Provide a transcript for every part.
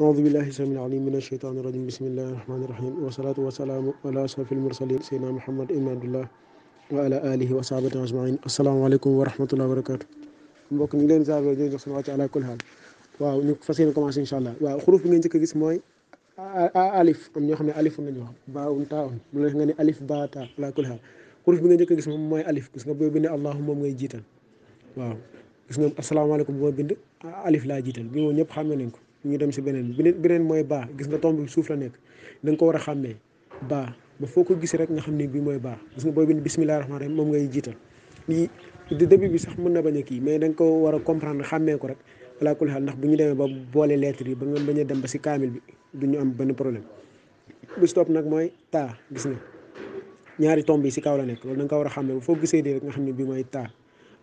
أعوذ بالله السميع العليم من الشيطان الرجيم بسم الله الرحمن الرحيم والصلاة والسلام على أشرف المرسلين سيدنا محمد بن عبد الله وعلى آله وصحبه أجمعين السلام عليكم ورحمة الله وبركاته mbokk ñu leen ziar di jox sunu wàcc ala kul haal waaw ñu fas yéene commencé incha allah waaw xuruf bi ngeen njëkk a gis mooy alif am ñoo xam ne alif lañu wax baawun taawun lu la nga ne alif baa taa ala kul haal xuruf bi ngeen njëkk a gis moom mooy alif gis nga boo bindee allahu moom ngay jiital waaw gis nga asalaamaaleykum boo bind alif laa jiital bi moom ñëpp xàmme nañ ko ñu dem si beneen beneen beneen mooy baa gis nga tomb bi suuf la nekk da ko war a xàmmee baa ko gis rek nga xam ne bii mooy baa gis nga booy bind bisimilah rahmaani rahim moom ngay jiital lii début bi sax mën na bañ a kii mais da ko war comprendre xàmmee ko rek alaa kulli ndax bu ñu demee ba boole lettres yi ba nga bañ a dem ba si kaamil bi du ñu am benn problème bu si nag mooy taa gis nga ñaari tomb yi ci kaw la nekk loolu da ko war a xàmmee ba foo gisee di rek nga xam ne bi mooy taa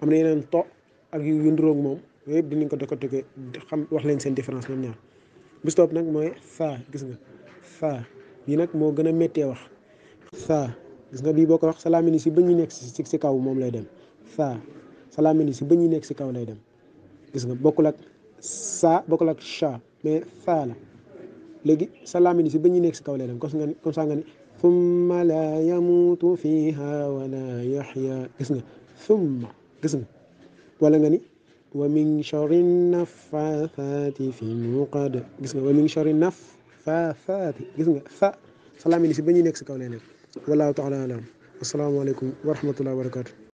am na yeneen to ak yu nduróog moom yooyu yëpp dinañ ko décortiquer xam wax leen seen différence ñoom ñaar bu stop nag mooy saa gis nga saa bii nag moo gën a méttee wax saa gis nga bii boo ko wax sa làmmiñ ba ñu nekk si si kaw moom lay dem saa sa làmmiñ si ba ñu nekk si kaw lay dem gis nga bokkul ak saa bokkul ak cha mais saa la léegi sa làmmiñ si ba ñu nekk si kaw lay dem comme ça nga ni thumma la yamutu fiha wala yaxya gis nga thumma gis nga wala nga ni wa min sharri naffaasaati fi l-uqad gis nga wa min sharri naffaasaati gis nga fa salaam yi si ba ñuy nekk si kaw lay nekk wallahu taala alam asalaamaaleykum wa rahmatullahi wa barakatu